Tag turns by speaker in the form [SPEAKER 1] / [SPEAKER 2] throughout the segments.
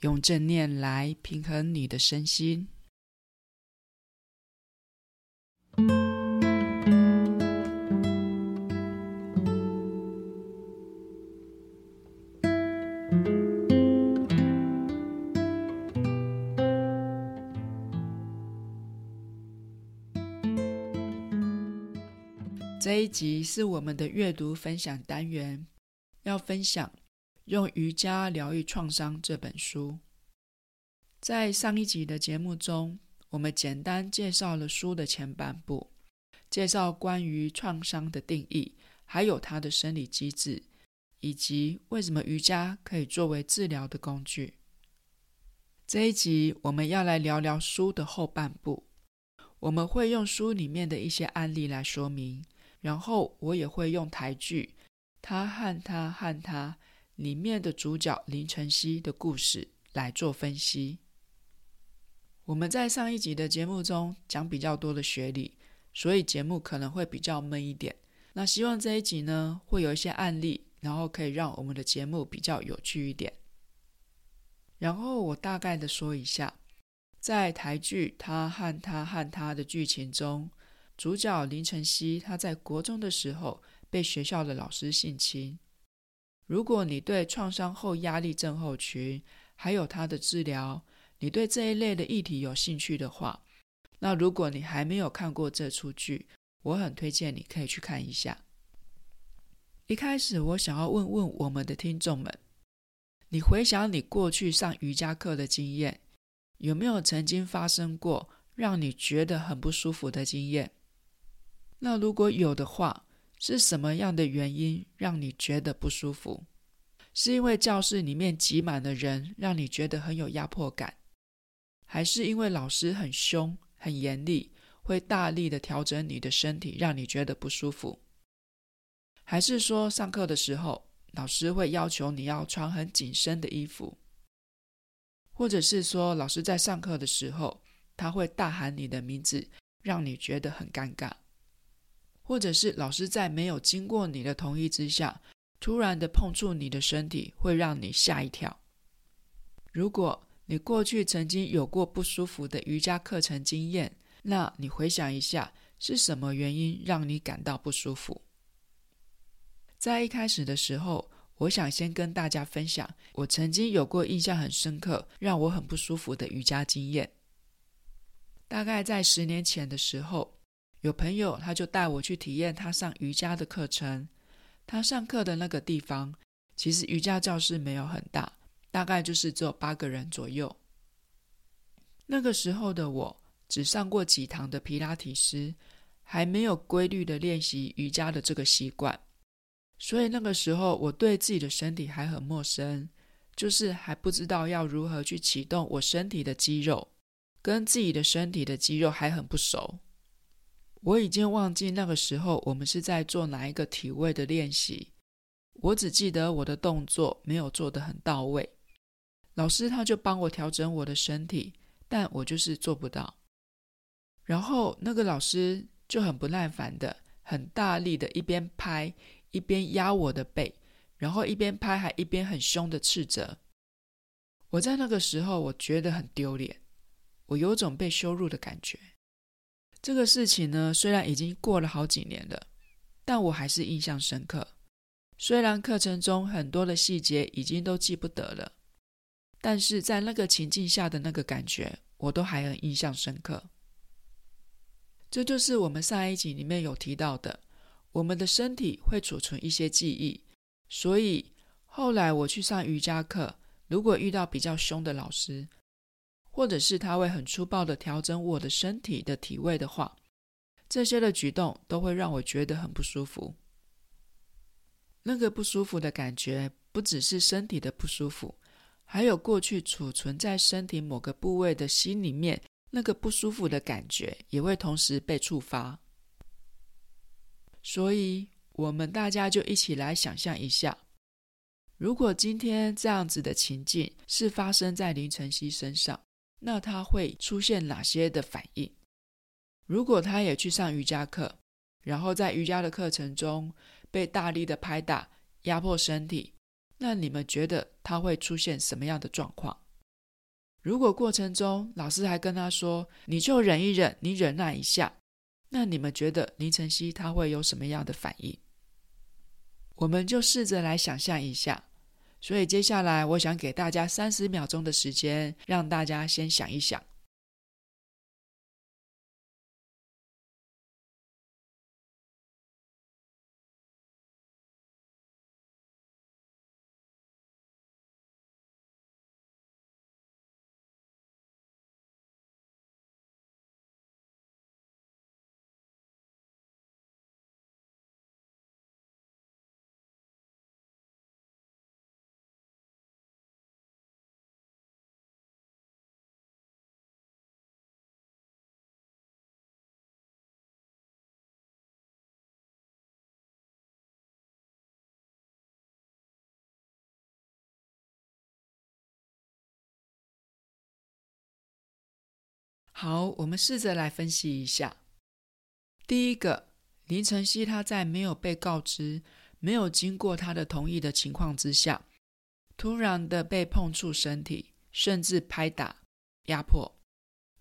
[SPEAKER 1] 用正念來平衡你的身心。這一集是我們的閱讀分享單元，要分享。用瑜伽療癒創傷這本書，在上一集的節目中，我們簡單介紹了書的前半部，介紹關於創傷的定義，還有它的生理機制，以及為什麼瑜伽可以作為治療的工具。這一集我們要來聊聊書的後半部，我們會用書裡面的一些案例來說明，然後我也會用台劇，他和他和他。裡面的主角林晨曦的故事來做分析。我們在上一集的節目中講比較多的學理，所以節目可能會比較悶一點。那希望這一集呢，會有一些案例，然後可以讓我們的節目比較有趣一點。然後我大概的說一下，在台劇《他和他和他的》的劇情中，主角林晨曦他在國中的時候被學校的老師性侵。如果你對創傷後壓力症候群還有它的治療，你對這一類的議題有興趣的話，那如果你還沒有看過這出劇，我很推薦你可以去看一下。一開始我想要問問我們的聽眾們，你回想你過去上瑜伽課的經驗，有沒有曾經發生過讓你覺得很不舒服的經驗？那如果有的話，是什麼樣的原因讓你覺得不舒服？是因為教室裡面擠滿了人，讓你覺得很有壓迫感，還是因為老師很兇、很嚴厲，會大力的調整你的身體，讓你覺得不舒服？還是說，上課的時候老師會要求你要穿很緊身的衣服，或者是說，老師在上課的時候他會大喊你的名字，讓你覺得很尷尬？或者是老師在沒有經過你的同意之下，突然的碰觸你的身體，會讓你嚇一跳。如果你過去曾經有過不舒服的瑜伽課程經驗，那你回想一下是什麼原因讓你感到不舒服？在一開始的時候，我想先跟大家分享我曾經有過印象很深刻，讓我很不舒服的瑜伽經驗。大概在十年前的時候。有朋友，他就帶我去體驗他上瑜伽的課程。他上課的那個地方，其實瑜伽教室沒有很大，大概就是只有八個人左右。那個時候的我，只上過幾堂的皮拉提斯，還沒有規律的練習瑜伽的這個習慣。所以那個時候，我對自己的身體還很陌生，就是還不知道要如何去啟動我身體的肌肉，跟自己的身體的肌肉還很不熟。我已經忘記那個時候我們是在做哪一個體位的練習，我只記得我的動作沒有做得很到位，老師他就幫我調整我的身體，但我就是做不到。然後那個老師就很不耐煩的，很大力的一邊拍，一邊壓我的背，然後一邊拍還一邊很兇的斥責。我在那個時候，我覺得很丟臉，我有種被羞辱的感覺。這個事情呢，雖然已經過了好幾年了，但我還是印象深刻。雖然課程中很多的細節已經都記不得了，但是在那個情境下的那個感覺，我都還很印象深刻。這就是我們上一集裡面有提到的，我們的身體會儲存一些記憶，所以後來我去上瑜伽課，如果遇到比較凶的老師，或者是他會很粗暴的調整我的身體的體位的話，這些的舉動都會讓我覺得很不舒服。那個不舒服的感覺不只是身體的不舒服，還有過去儲存在身體某個部位的心裡面，那個不舒服的感覺也會同時被觸發。所以，我們大家就一起來想象一下，如果今天這樣子的情境是發生在林晨曦身上。那他會出現哪些的反應？如果他也去上瑜伽課，然後在瑜伽的課程中被大力的拍打、壓迫身體，那你們覺得他會出現什麼樣的狀況？如果過程中老師還跟他說“你就忍一忍，你忍耐一下”，那你們覺得林晨曦他會有什麼樣的反應？我們就試着來想象一下。所以接下來，我想給大家三十秒鐘的時間，讓大家先想一想。好，我們試着來分析一下。第一個，林晨曦他在沒有被告知、沒有經過他的同意的情況之下，突然的被碰觸身體，甚至拍打、壓迫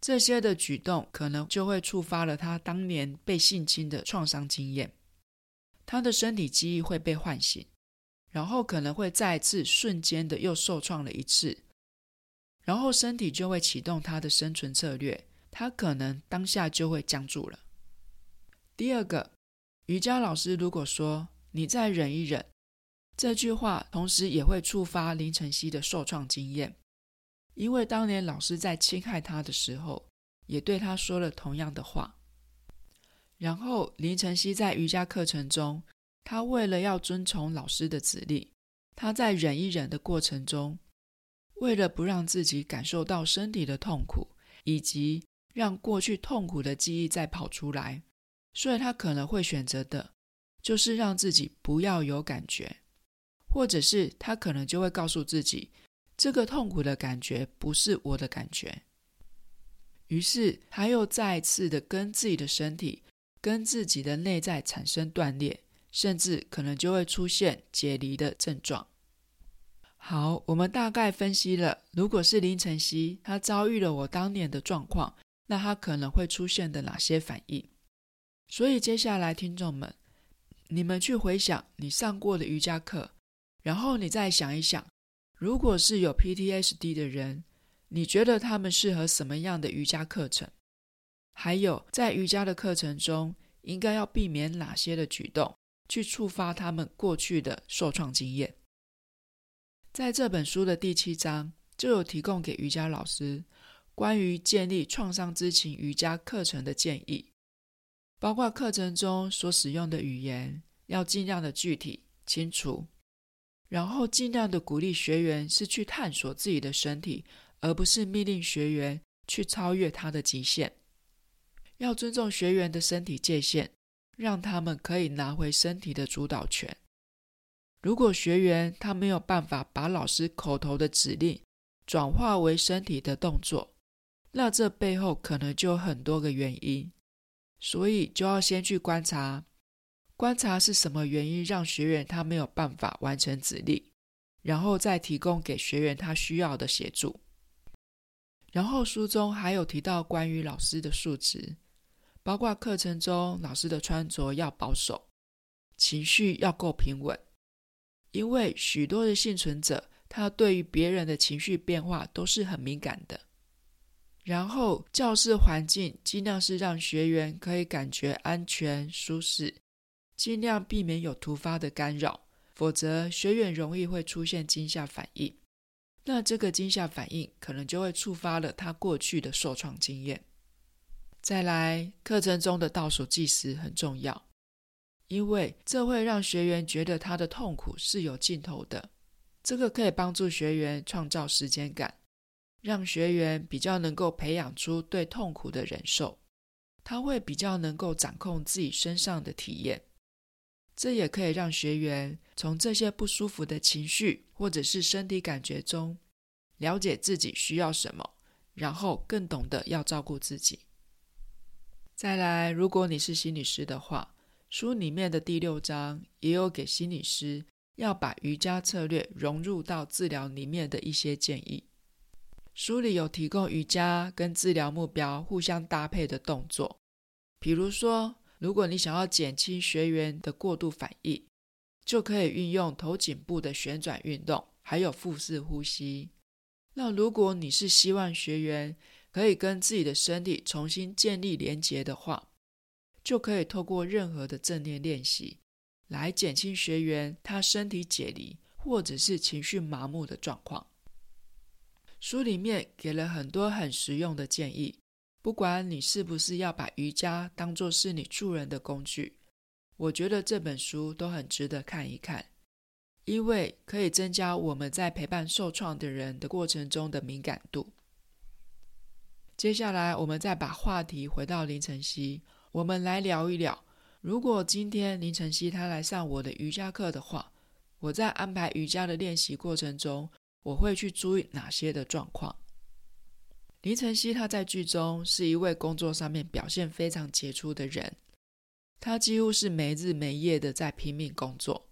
[SPEAKER 1] 這些的舉動，可能就會觸發了他當年被性侵的創傷經驗，他的身體記憶會被喚醒，然後可能會再次瞬間的又受創了一次。然後身體就會啟動他的生存策略，他可能當下就會僵住了。第二個，瑜伽老師如果說“你再忍一忍”，這句話同時也會觸發林晨曦的受創經驗，因為當年老師在侵害他的時候，也對他說了同樣的話。然後林晨曦在瑜伽課程中，他為了要遵從老師的指令，他在忍一忍的過程中。為了不讓自己感受到身體的痛苦，以及讓過去痛苦的記憶再跑出來，所以他可能會選擇的就是讓自己不要有感覺，或者是他可能就會告訴自己，這個痛苦的感覺不是我的感覺。於是他又再次的跟自己的身體、跟自己的內在產生斷裂，甚至可能就會出現解離的症狀。好，我們大概分析了，如果是林晨曦，他遭遇了我當年的狀況，那他可能會出現的哪些反應？所以接下來，聽眾們，你們去回想你上過的瑜伽課，然後你再想一想，如果是有 PTSD 的人，你覺得他們適合什麼樣的瑜伽課程？還有，在瑜伽的課程中，應該要避免哪些的舉動，去觸發他們過去的受創經驗？在這本書的第七章，就有提供給瑜伽老師關於建立創傷知情瑜伽課程的建議，包括課程中所使用的語言要盡量的具體清楚，然後盡量的鼓勵學員是去探索自己的身體，而不是命令學員去超越他的極限，要尊重學員的身體界限，讓他們可以拿回身體的主導權。如果學員他沒有辦法把老師口頭的指令轉化為身體的動作，那這背後可能就有很多個原因，所以就要先去觀察，觀察是什麼原因讓學員他沒有辦法完成指令，然後再提供給學員他需要的協助。然後書中還有提到關於老師的素質，包括課程中老師的穿着要保守，情緒要夠平穩。因為許多的幸存者，他對於別人的情緒變化都是很敏感的。然後教室環境儘量是讓學員可以感覺安全舒適，儘量避免有突發的干擾，否則學員容易會出現驚嚇反應。那這個驚嚇反應可能就會觸發了他過去的受創經驗。再來，課程中的倒數計時很重要。因為這會讓學員覺得他的痛苦是有盡頭的，這個可以幫助學員創造時間感，讓學員比較能夠培養出對痛苦的忍受，他會比較能夠掌控自己身上的體驗。這也可以讓學員從這些不舒服的情緒或者是身體感覺中，了解自己需要什麼，然後更懂得要照顧自己。再來，如果你是心理師的話。書裡面的第六章也有給心理師要把瑜伽策略融入到治療裡面的一些建議。書裡有提供瑜伽跟治療目標互相搭配的動作，比如說，如果你想要減輕學員的過度反應，就可以運用頭頸部的旋轉運動，還有腹式呼吸。那如果你是希望學員可以跟自己的身體重新建立連結的話，就可以透過任何的正念練習，來減輕學員他身體解離或者是情緒麻木的狀況。書裡面給了很多很實用的建議，不管你是不是要把瑜伽當做是你助人的工具，我覺得這本書都很值得看一看，因為可以增加我們在陪伴受創的人的過程中的敏感度。接下來我們再把話題回到林晨曦。我們來聊一聊，如果今天林晨曦他來上我的瑜伽課的話，我在安排瑜伽的練習過程中，我會去注意哪些的狀況？林晨曦他在劇中是一位工作上面表現非常傑出的人，他幾乎是沒日沒夜的在拼命工作，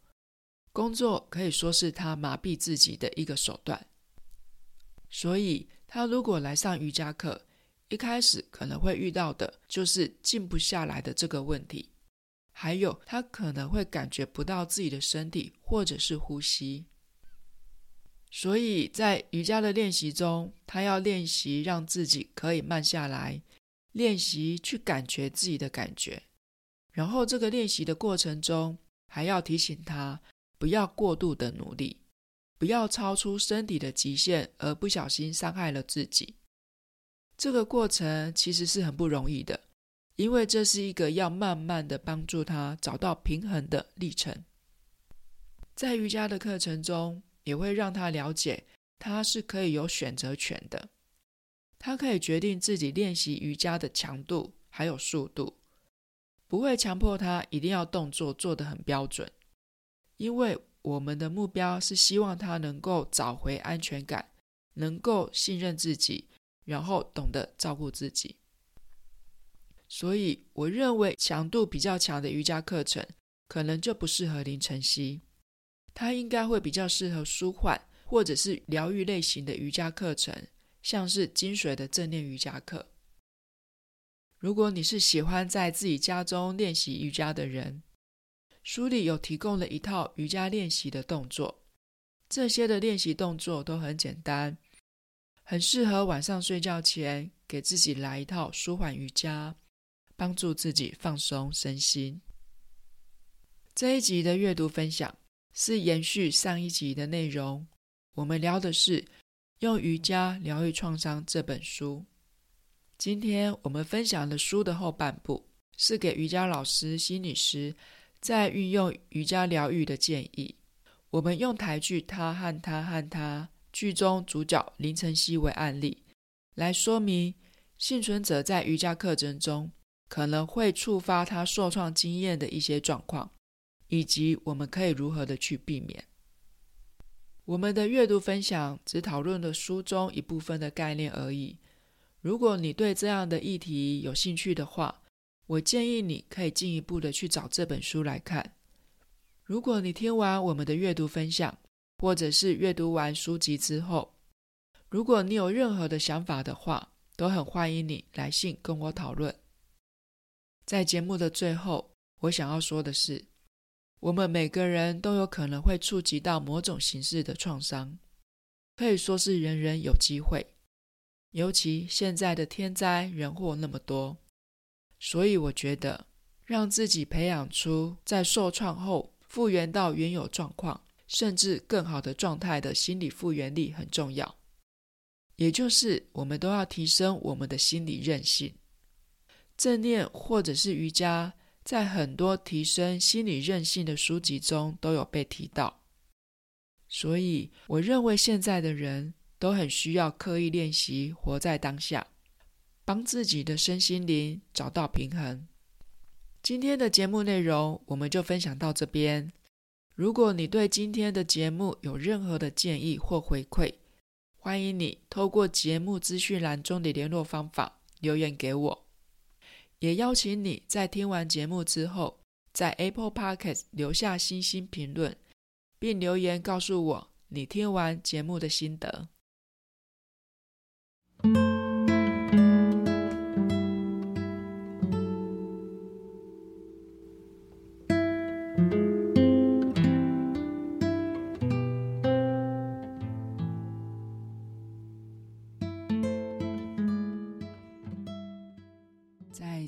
[SPEAKER 1] 工作可以說是他麻痹自己的一個手段，所以他如果來上瑜伽課。一開始可能會遇到的就是靜不下來的這個問題，還有他可能會感覺不到自己的身體或者是呼吸。所以在瑜伽的練習中，他要練習讓自己可以慢下來，練習去感覺自己的感覺。然後這個練習的過程中，還要提醒他不要過度的努力，不要超出身體的極限而不小心傷害了自己。這個過程其實是很不容易的，因為這是一個要慢慢的幫助他找到平衡的歷程。在瑜伽的課程中，也會讓他了解他是可以有選擇權的，他可以決定自己練習瑜伽的強度還有速度，不會強迫他一定要動作做得很標準，因為我們的目標是希望他能夠找回安全感，能夠信任自己。然後懂得照顧自己，所以我認為強度比較強的瑜伽課程可能就不適合林晨曦，他應該會比較適合舒緩或者是療癒類型的瑜伽課程，像是金水的正念瑜伽課。如果你是喜歡在自己家中練習瑜伽的人，書裡有提供了一套瑜伽練習的動作，這些的練習動作都很簡單。很適合晚上睡覺前給自己來一套舒緩瑜伽，幫助自己放鬆身心。這一集的閱讀分享是延續上一集的內容，我們聊的是《用瑜伽療癒創傷》這本書。今天我們分享的書的後半部是給瑜伽老師、心理師在運用瑜伽療癒的建議。我們用台劇《她和她的她》，劇中主角林晨曦為案例，來說明幸存者在瑜伽課程中可能會觸發他受創經驗的一些狀況，以及我們可以如何的去避免。我們的閱讀分享只討論了書中一部分的概念而已。如果你對這樣的議題有興趣的話，我建議你可以進一步的去找這本書來看。如果你聽完我們的閱讀分享，或者是閱讀完書籍之後，如果你有任何的想法的話，都很歡迎你來信跟我討論。在節目的最後，我想要說的是，我們每個人都有可能會觸及到某種形式的創傷，可以說是人人有機會，尤其現在的天災人禍那麼多。所以我覺得讓自己培養出在受創後復原到原有狀況，甚至更好的狀態的心理復原力很重要，也就是我們都要提升我們的心理韌性。正念或者是瑜伽，在很多提升心理韌性的書籍中都有被提到。所以，我認為現在的人都很需要刻意練習，活在當下，幫自己的身心靈找到平衡。今天的節目內容，我們就分享到這邊。如果你對今天的節目有任何的建議或回饋，歡迎你透過節目資訊欄中的聯絡方法留言給我。也邀請你在聽完節目之後，在 Apple Podcast 留下星星評論，並留言告訴我你聽完節目的心得。